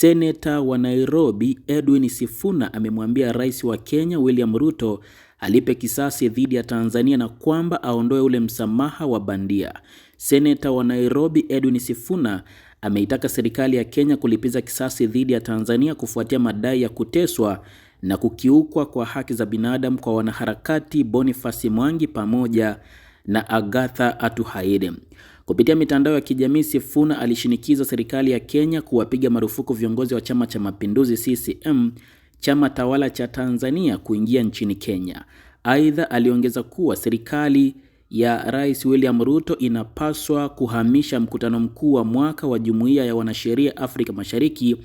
Seneta wa Nairobi Edwin Sifuna amemwambia Rais wa Kenya William Ruto alipe kisasi dhidi ya Tanzania na kwamba aondoe ule msamaha wa bandia. Seneta wa Nairobi Edwin Sifuna ameitaka serikali ya Kenya kulipiza kisasi dhidi ya Tanzania kufuatia madai ya kuteswa na kukiukwa kwa haki za binadamu kwa wanaharakati Boniface Mwangi pamoja na Agatha Atuhaire. Kupitia mitandao ya kijamii, Sifuna alishinikiza serikali ya Kenya kuwapiga marufuku viongozi wa Chama cha Mapinduzi CCM, chama tawala cha Tanzania, kuingia nchini Kenya. Aidha, aliongeza kuwa serikali ya Rais William Ruto inapaswa kuhamisha mkutano mkuu wa mwaka wa Jumuiya ya Wanasheria Afrika Mashariki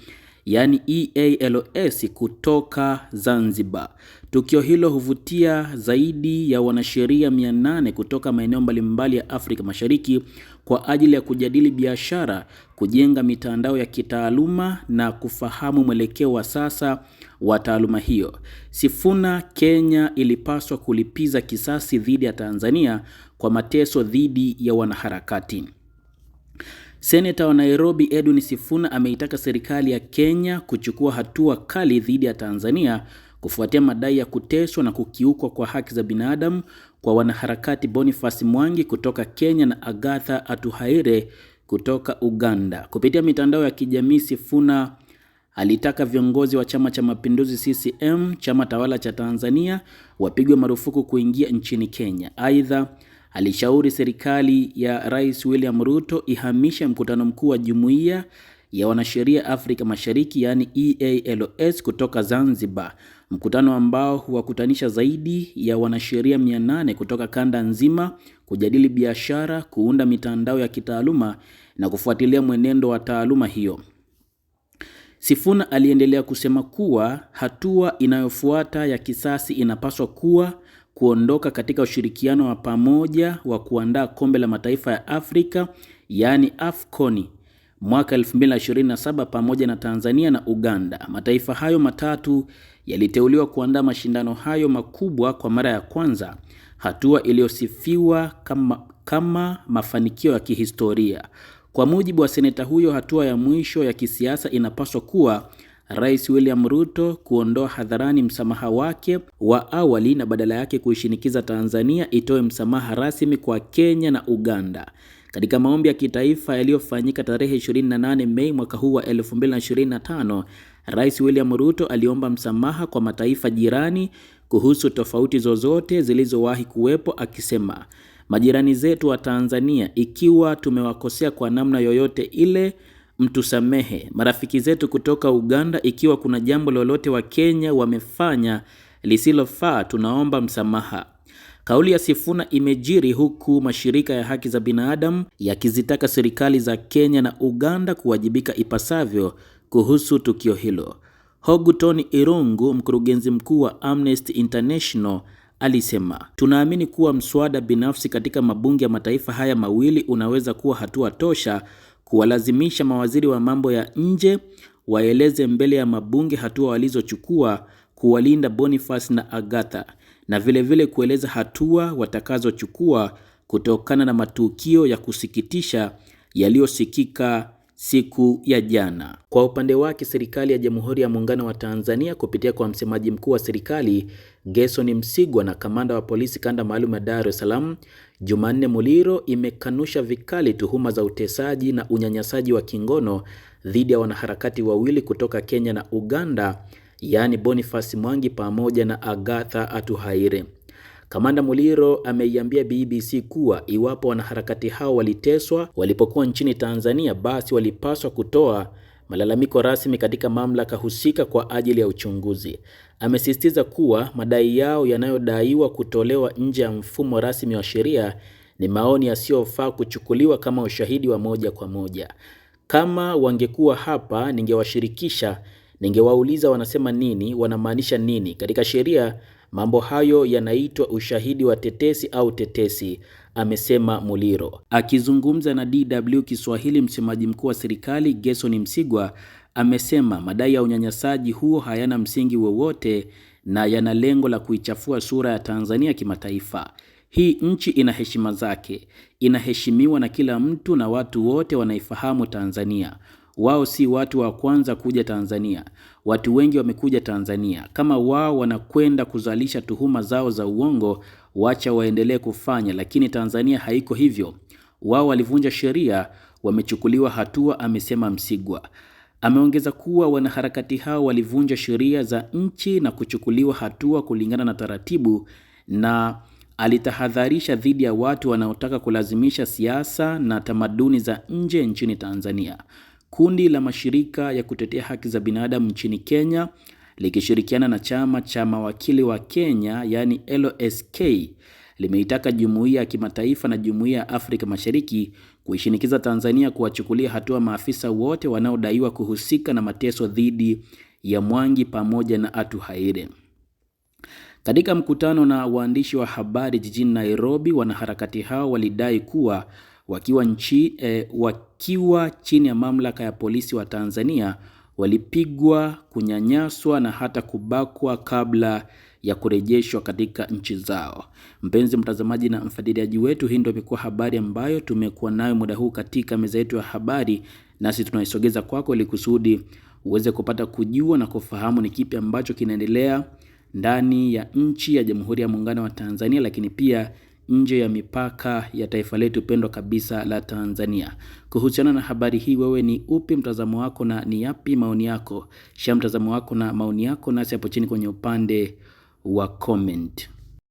yaani EALOS kutoka Zanzibar. Tukio hilo huvutia zaidi ya wanasheria 800 kutoka maeneo mbalimbali ya Afrika Mashariki kwa ajili ya kujadili biashara, kujenga mitandao ya kitaaluma na kufahamu mwelekeo wa sasa wa taaluma hiyo. Sifuna Kenya ilipaswa kulipiza kisasi dhidi ya Tanzania kwa mateso dhidi ya wanaharakati. Seneta wa Nairobi Edwin Sifuna ameitaka serikali ya Kenya kuchukua hatua kali dhidi ya Tanzania kufuatia madai ya kuteswa na kukiukwa kwa haki za binadamu kwa wanaharakati Boniface Mwangi kutoka Kenya na Agatha Atuhaire kutoka Uganda. Kupitia mitandao ya kijamii, Sifuna alitaka viongozi wa Chama cha Mapinduzi CCM, chama tawala cha Tanzania, wapigwe marufuku kuingia nchini Kenya. Aidha, alishauri serikali ya Rais William Ruto ihamishe mkutano mkuu wa Jumuiya ya Wanasheria Afrika Mashariki, yaani EALOS kutoka Zanzibar mkutano ambao huwakutanisha zaidi ya wanasheria 800 kutoka kanda nzima kujadili biashara, kuunda mitandao ya kitaaluma na kufuatilia mwenendo wa taaluma hiyo. Sifuna aliendelea kusema kuwa hatua inayofuata ya kisasi inapaswa kuwa kuondoka katika ushirikiano wa pamoja wa kuandaa kombe la mataifa ya Afrika yaani AFCON mwaka 2027 pamoja na Tanzania na Uganda. Mataifa hayo matatu yaliteuliwa kuandaa mashindano hayo makubwa kwa mara ya kwanza, hatua iliyosifiwa kama, kama mafanikio ya kihistoria. Kwa mujibu wa seneta huyo, hatua ya mwisho ya kisiasa inapaswa kuwa Rais William Ruto kuondoa hadharani msamaha wake wa awali na badala yake kuishinikiza Tanzania itoe msamaha rasmi kwa Kenya na Uganda. Katika maombi ya kitaifa yaliyofanyika tarehe 28 Mei mwaka huu wa 2025, Rais William Ruto aliomba msamaha kwa mataifa jirani kuhusu tofauti zozote zilizowahi kuwepo akisema, majirani zetu wa Tanzania, ikiwa tumewakosea kwa namna yoyote ile mtusamehe. Marafiki zetu kutoka Uganda, ikiwa kuna jambo lolote wa kenya wamefanya lisilofaa, tunaomba msamaha. Kauli ya Sifuna imejiri huku mashirika ya haki za binadamu yakizitaka serikali za Kenya na Uganda kuwajibika ipasavyo kuhusu tukio hilo. Tony Irungu, mkurugenzi mkuu wa Amnesty International, alisema, tunaamini kuwa mswada binafsi katika mabunge ya mataifa haya mawili unaweza kuwa hatua tosha kuwalazimisha mawaziri wa mambo ya nje waeleze mbele ya mabunge hatua walizochukua kuwalinda Boniface na Agatha na vilevile vile kueleza hatua watakazochukua kutokana na matukio ya kusikitisha yaliyosikika siku ya jana. Kwa upande wake, serikali ya Jamhuri ya Muungano wa Tanzania kupitia kwa msemaji mkuu wa serikali Gerson Msigwa na kamanda wa polisi kanda maalum ya Dar es Salaam Jumanne Muliro imekanusha vikali tuhuma za utesaji na unyanyasaji wa kingono dhidi ya wanaharakati wawili kutoka Kenya na Uganda yaani Boniface Mwangi pamoja na Agatha Atuhaire. Kamanda Muliro ameiambia BBC kuwa iwapo wanaharakati hao waliteswa walipokuwa nchini Tanzania, basi walipaswa kutoa malalamiko rasmi katika mamlaka husika kwa ajili ya uchunguzi. Amesisitiza kuwa madai yao yanayodaiwa kutolewa nje ya mfumo rasmi wa sheria ni maoni yasiyofaa kuchukuliwa kama ushahidi wa moja kwa moja. Kama wangekuwa hapa, ningewashirikisha Ningewauliza wanasema nini, wanamaanisha nini. Katika sheria mambo hayo yanaitwa ushahidi wa tetesi au tetesi, amesema Muliro. Akizungumza na DW Kiswahili, msemaji mkuu wa serikali Gerson Msigwa amesema madai ya unyanyasaji huo hayana msingi wowote na yana lengo la kuichafua sura ya Tanzania kimataifa. Hii nchi ina heshima zake, inaheshimiwa na kila mtu na watu wote wanaifahamu Tanzania wao si watu wa kwanza kuja Tanzania. Watu wengi wamekuja Tanzania. Kama wao wanakwenda kuzalisha tuhuma zao za uongo, wacha waendelee kufanya, lakini Tanzania haiko hivyo. Wao walivunja sheria, wamechukuliwa hatua, amesema Msigwa. Ameongeza kuwa wanaharakati hao walivunja sheria za nchi na kuchukuliwa hatua kulingana na taratibu, na alitahadharisha dhidi ya watu wanaotaka kulazimisha siasa na tamaduni za nje nchini Tanzania. Kundi la mashirika ya kutetea haki za binadamu nchini Kenya likishirikiana na chama cha mawakili wa Kenya yaani LSK limeitaka jumuiya ya kimataifa na jumuiya ya Afrika Mashariki kuishinikiza Tanzania kuwachukulia hatua maafisa wote wanaodaiwa kuhusika na mateso dhidi ya Mwangi pamoja na Atu Haire. Katika mkutano na waandishi wa habari jijini Nairobi, wanaharakati hao walidai kuwa wakiwa, nchi, eh, wakiwa chini ya mamlaka ya polisi wa Tanzania walipigwa, kunyanyaswa na hata kubakwa kabla ya kurejeshwa katika nchi zao. Mpenzi mtazamaji na mfadiliaji wetu, hii ndio imekuwa habari ambayo tumekuwa nayo muda huu katika meza yetu ya habari, nasi tunaisogeza kwako ili kusudi uweze kupata kujua na kufahamu ni kipi ambacho kinaendelea ndani ya nchi ya Jamhuri ya Muungano wa Tanzania, lakini pia nje ya mipaka ya taifa letu pendwa kabisa la Tanzania. Kuhusiana na habari hii, wewe ni upi mtazamo wako na ni yapi maoni yako? Shia mtazamo wako na maoni yako nasi hapo chini kwenye upande wa comment.